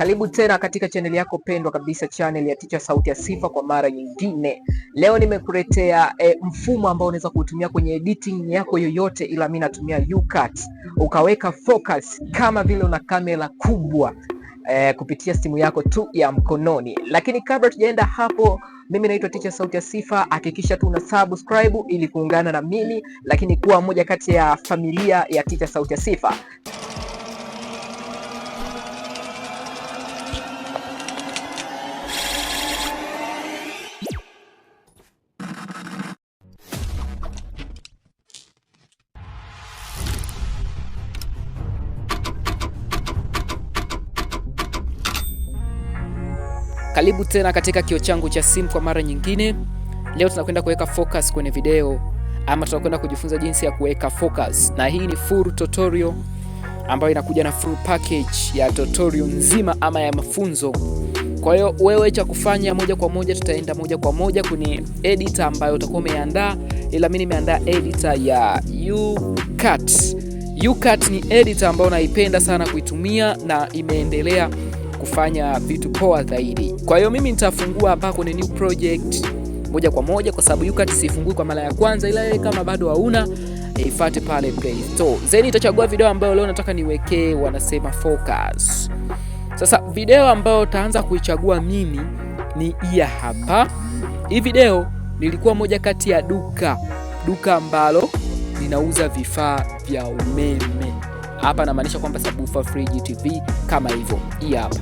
Karibu tena katika chaneli yako pendwa kabisa, chaneli ya Ticha Sauti ya Sifa. Kwa mara nyingine leo nimekuletea e, mfumo ambao unaweza kuutumia kwenye editing yako yoyote, ila mi natumia uCut ukaweka focus kama vile una kamera kubwa e, kupitia simu yako tu ya mkononi. Lakini kabla tujaenda hapo mimi naitwa Ticha Sauti ya Sifa. Hakikisha tu una subscribe ili kuungana na mimi, lakini kuwa moja kati ya familia ya Ticha Sauti ya Sifa. Karibu tena katika kio changu cha simu kwa mara nyingine. Leo tunakwenda kuweka focus kwenye video ama tunakwenda kujifunza jinsi ya kuweka focus, na hii ni full tutorial ambayo inakuja na full package ya tutorial nzima ama ya mafunzo. Kwa hiyo wewe cha kufanya moja kwa moja, tutaenda moja kwa moja kwenye editor ambayo utakuwa umeandaa, ila mimi nimeandaa editor ya UCut. UCut ni editor ambayo naipenda sana kuitumia na imeendelea kufanya vitu poa zaidi. Kwa hiyo mimi nitafungua hapa kwenye new project moja kwa moja, kwa sababu YouCut sifungui kwa mara ya kwanza, ila kama bado hauna ifate pale Play Store. Zeni itachagua video ambayo leo nataka niwekee, wanasema focus. Sasa video ambayo taanza kuichagua mimi ni iya hapa. Hii video nilikuwa moja kati ya duka duka ambalo ninauza vifaa vya umeme. Hapa namaanisha kwamba subwoofer Free GTV kama hivyo, hii hapa.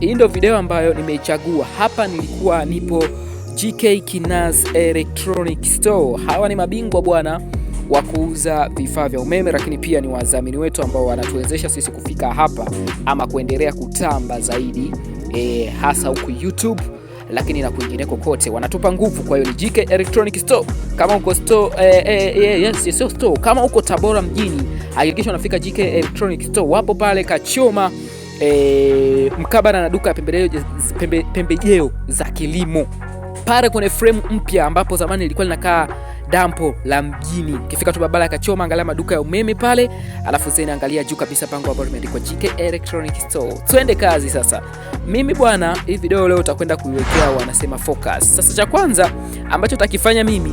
Hii ndio video ambayo nimeichagua. Hapa nilikuwa nipo GK Kinaz Electronic Store. Hawa ni mabingwa bwana wa kuuza vifaa vya umeme, lakini pia ni wadhamini wetu ambao wanatuwezesha sisi kufika hapa ama kuendelea kutamba zaidi, e, hasa huku YouTube lakini na kwingineko kote wanatupa nguvu. Kwa hiyo ni JK Electronic Store. Kama uko store, eh, eh, eh, eh yes, yes, store. Kama uko Tabora mjini hakikisha unafika JK Electronic Store, wapo pale Kachoma eh, mkabala na duka ya pembejeo pembe, pembejeo za kilimo pale kwenye frame mpya ambapo zamani ilikuwa linakaa dampo la mjini. Ukifika tu barabara ya Kachoma, angalia maduka ya umeme pale, alafu zeni angalia juu kabisa pango ambalo limeandikwa JK Electronic Store. Twende kazi sasa. Mimi bwana, hii video leo utakwenda kuiwekea wanasema focus. Sasa cha kwanza ambacho utakifanya mimi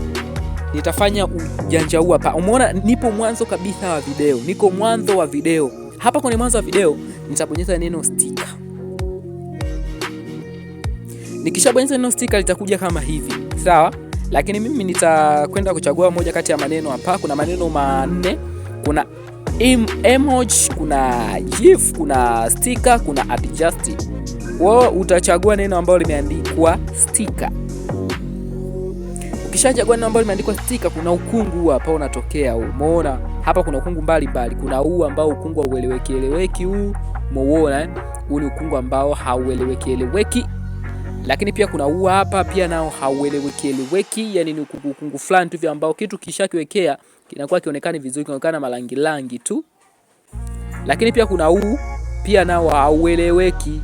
nitafanya ujanja huu hapa. Umeona, nipo mwanzo kabisa wa video, niko mwanzo wa video hapa. Kwenye mwanzo wa video nitabonyeza neno sticker. Nikishabonyeza neno sticker litakuja kama hivi, sawa? So, lakini mimi nitakwenda kuchagua moja kati ya maneno hapa. Kuna maneno manne, kuna emoji, kuna gif, kuna sticker, kuna adjust. Wewe utachagua neno ambalo limeandikwa sticker. Ukishachagua neno ambalo limeandikwa sticker, kuna ukungu hapa unatokea. Umeona hapa kuna ukungu mbalimbali, kuna huu ambao ukungu haueleweki eleweki, huu umeona eh? huu ni ukungu ambao haueleweki eleweki lakini pia kuna huu hapa pia nao haueleweki eleweki, yani ni kukungu fulani tu ambao kitu kishakiwekea kinakuwa kionekani vizuri, kionekana malangi langi tu. Lakini pia kuna huu pia nao haueleweki,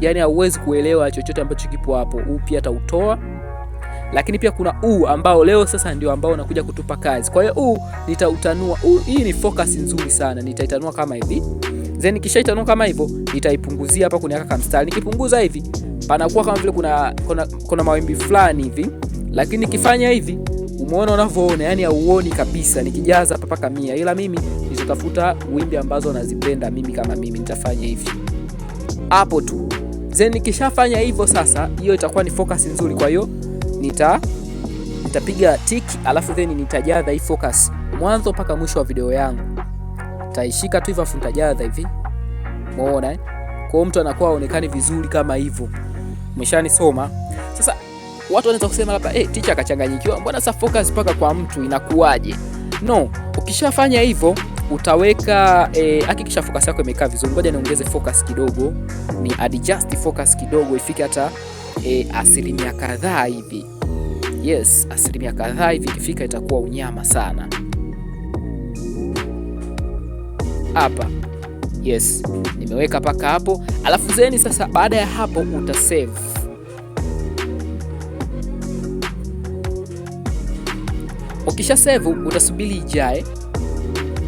yani hauwezi kuelewa chochote ambacho kipo hapo. Huu pia tautoa. lakini pia kuna huu ambao leo sasa ndio ambao unakuja kutupa kazi. Kwa hiyo huu nitautanua huu hii ni focus nzuri sana, nitaitanua kama hivi, then kisha itanua kama hivyo, nitaipunguzia hapa kuniweka kamstari. Nikipunguza hivi panakuwa kama vile kuna, kuna, kuna mawimbi fulani hivi, lakini kifanya hivi umeona unavyoona, yani hauoni kabisa. Nikijaza hapa paka mia, ila mimi nizotafuta wimbi ambazo nazipenda mimi. Kama mimi nitafanya hivi hapo tu, then nikishafanya hivyo sasa, hiyo itakuwa ni focus nzuri. Kwa hiyo nita nitapiga tick, alafu then nitajaza hii focus mwanzo mpaka mwisho wa video yangu, taishika tu hivyo, afu nitajaza hivi, umeona eh? Kwa mtu anakuwa aonekani vizuri kama hivyo soma. Sasa watu wanaweza kusema labda eh, teacher akachanganyikiwa, mbona sasa focus mpaka kwa mtu inakuwaje? No, ukishafanya hivyo utaweka eh, hakikisha eh, focus yako imekaa vizuri. Ngoja niongeze focus kidogo, ni adjust focus kidogo ifike hata eh, asilimia kadhaa hivi. Yes, asilimia kadhaa hivi ikifika itakuwa unyama sana hapa. Yes, nimeweka paka hapo, alafu zeni sasa. Baada ya hapo uta save. Ukisha save utasubiri ijae.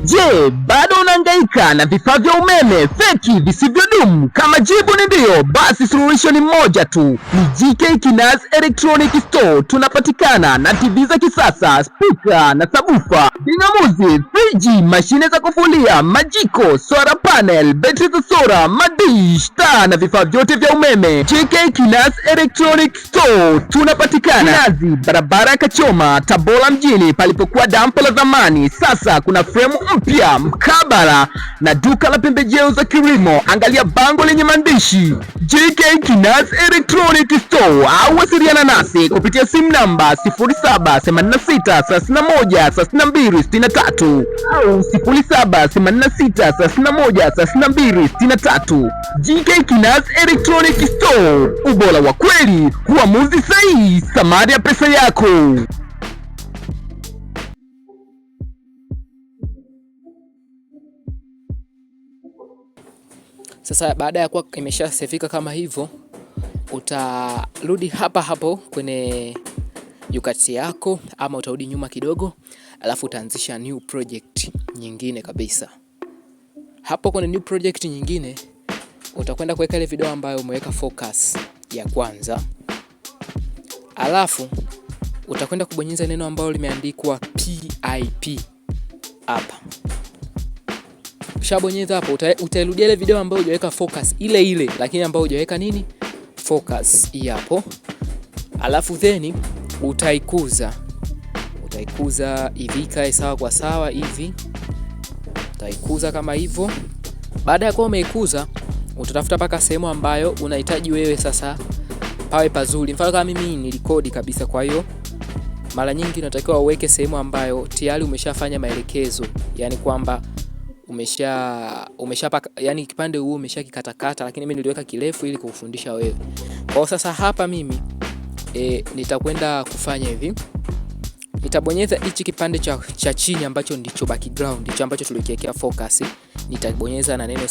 Je, baada ikiwa unahangaika na vifaa vya umeme feki visivyodumu, kama jibu ni ndio basi suluhisho ni moja tu, ni JK Kinaz Electronic Store. Tunapatikana na TV za kisasa, spika na sabufa, vingamuzi, friji, mashine za kufulia, majiko, solar panel, betri za sora, madish, taa na vifaa vyote vya umeme. JK Kinaz Electronic Store tunapatikana Kinazi, barabara ya Kachoma, Tabora mjini, palipokuwa dampo la zamani. Sasa kuna fremu mpya mkaba barabara na duka la pembejeo za kilimo, angalia bango lenye maandishi JK Kinas Electronic Store au wasiliana nasi kupitia simu namba 0786316263 au 0786313263. JK Kinas Electronic Store, ubora wa kweli, uamuzi sahihi, thamani ya pesa yako. Sasa baada ya kuwa imeshasefika kama hivyo, utarudi hapa hapo kwenye yukati yako, ama utarudi nyuma kidogo, alafu utaanzisha new project nyingine kabisa. Hapo kwenye new project nyingine utakwenda kuweka ile video ambayo umeweka focus ya kwanza, alafu utakwenda kubonyeza neno ambalo limeandikwa PIP hapa ukishabonyeza hapo utairudia ile video ambayo hujaweka focus ile ile, lakini ambayo hujaweka nini focus hapo, alafu then utaikuza utaikuza hivi kae sawa kwa sawa hivi, utaikuza kama hivyo. Baada ya kuwa umeikuza, utatafuta paka sehemu ambayo unahitaji wewe sasa pawe pazuri. Mfano kama mimi nilikodi kabisa, kwa hiyo mara nyingi unatakiwa uweke sehemu ambayo tayari umeshafanya maelekezo, yani kwamba umesha umesha yani kipande huu kikatakata lakini mimi niliweka kirefu ili kukufundisha wewe. Kwa sasa hapa mimi e, nitakwenda kufanya hivi, nitabonyeza hichi kipande cha, cha chini ambacho ndicho background hicho ambacho tulikiwekea focus, nitabonyeza na neno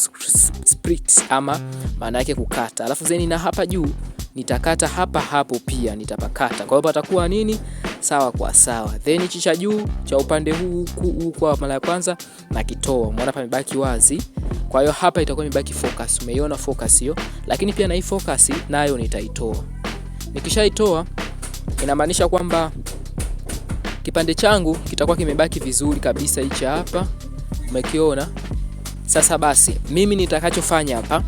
split ama maana yake kukata, alafu zeni na hapa juu nitakata hapa hapo pia nitapakata. Kwa hiyo patakuwa nini? sawa kwa sawa, then hichi cha juu cha upande huu huku kwa mara ya kwanza na kitoa umeona hapa imebaki wazi. Kwa hiyo hapa itakuwa imebaki focus, umeiona focus hiyo, lakini pia na hii focus nayo nitaitoa. Nikishaitoa inamaanisha kwamba kipande changu kitakuwa kimebaki vizuri kabisa, hichi hapa umekiona. Sasa basi, mimi nitakachofanya hapa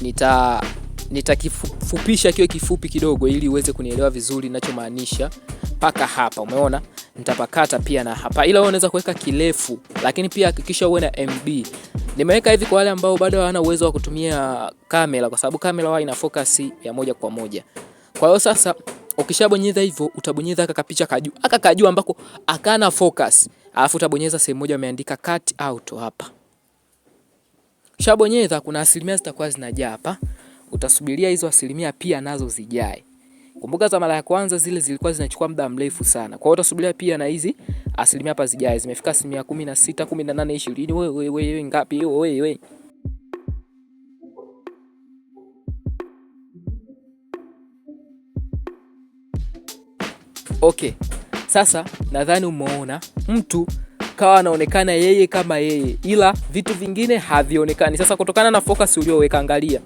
nita nitakifu nitakifupisha kiwe kifupi kidogo, ili uweze kunielewa vizuri ninachomaanisha. paka hapa umeona, nitapakata pia na hapa, ila wewe unaweza kuweka kirefu, lakini pia hakikisha uwe na MB. Nimeweka hivi kwa wale ambao bado hawana uwezo wa kutumia kamera, kwa sababu kamera wao ina focus ya moja kwa moja. Kwa hiyo sasa ukishabonyeza hivyo, utabonyeza aka kapicha kaju aka kaju ambako akana focus, alafu utabonyeza sehemu moja umeandika cut auto hapa. shabonyeza kuna asilimia zitakuwa zinajaa hapa utasubiria hizo asilimia pia nazo zijae. Kumbuka za mara ya kwanza zile zilikuwa zinachukua muda mrefu sana. Kwa hiyo utasubiria pia na hizi asilimia hapa zijae. Zimefika asilimia kumi na sita, kumi na nane, ishirini. Wewe wewe ngapi hiyo wewe? Okay. Sasa nadhani umeona mtu kawa anaonekana yeye kama yeye, ila vitu vingine havionekani. Sasa kutokana na focus ulioweka, angalia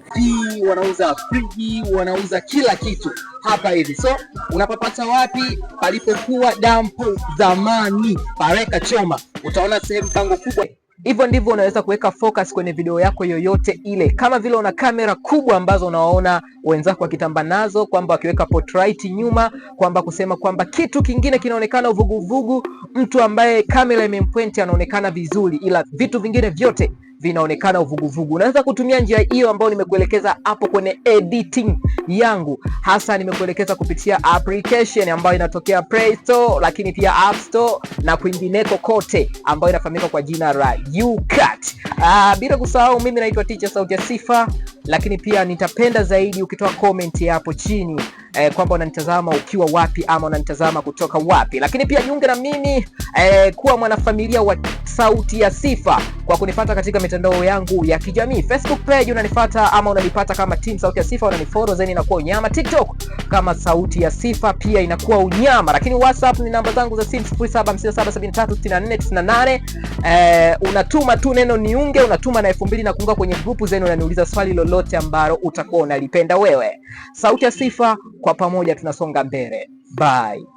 wanauza friji, wanauza kila kitu hapa hivi. So unapapata wapi? Palipokuwa dampo zamani, pareka choma, utaona sehemu pango kubwa Hivyo ndivyo unaweza kuweka focus kwenye video yako yoyote ile, kama vile una kamera kubwa ambazo unawaona wenzako wakitamba nazo, kwamba wakiweka portrait nyuma, kwamba kusema kwamba kitu kingine kinaonekana uvuguvugu, mtu ambaye kamera imempoint anaonekana vizuri, ila vitu vingine vyote vinaonekana uvuguvugu. Unaweza kutumia njia hiyo ambayo nimekuelekeza hapo kwenye editing yangu, hasa nimekuelekeza kupitia application ambayo inatokea Play Store, lakini pia App Store na kwingineko kote, ambayo inafahamika kwa jina la UCut. Ah, bila kusahau, mimi naitwa Teacher Sauti ya Sifa lakini pia nitapenda zaidi ukitoa komenti hapo chini eh, kwamba unanitazama ukiwa wapi ama unanitazama kutoka wapi, lakini pia jiunge na mimi eh, kuwa mwanafamilia wa Sauti ya Sifa kwa kunipata katika mitandao yangu ya kijamii. Facebook page unanifata ama unanipata kama Team Sauti ya Sifa, unanifollow zeni na kuwa unyama. TikTok kama sauti ya sifa, pia inakuwa unyama. Lakini WhatsApp ni namba zangu za simu 0757736498. Eh, unatuma tu neno niunge, unatuma na 2000 na kuunga kwenye grupu zenu, na niuliza swali lolote ambalo utakuwa unalipenda wewe. Sauti ya sifa, kwa pamoja tunasonga mbele. Bye.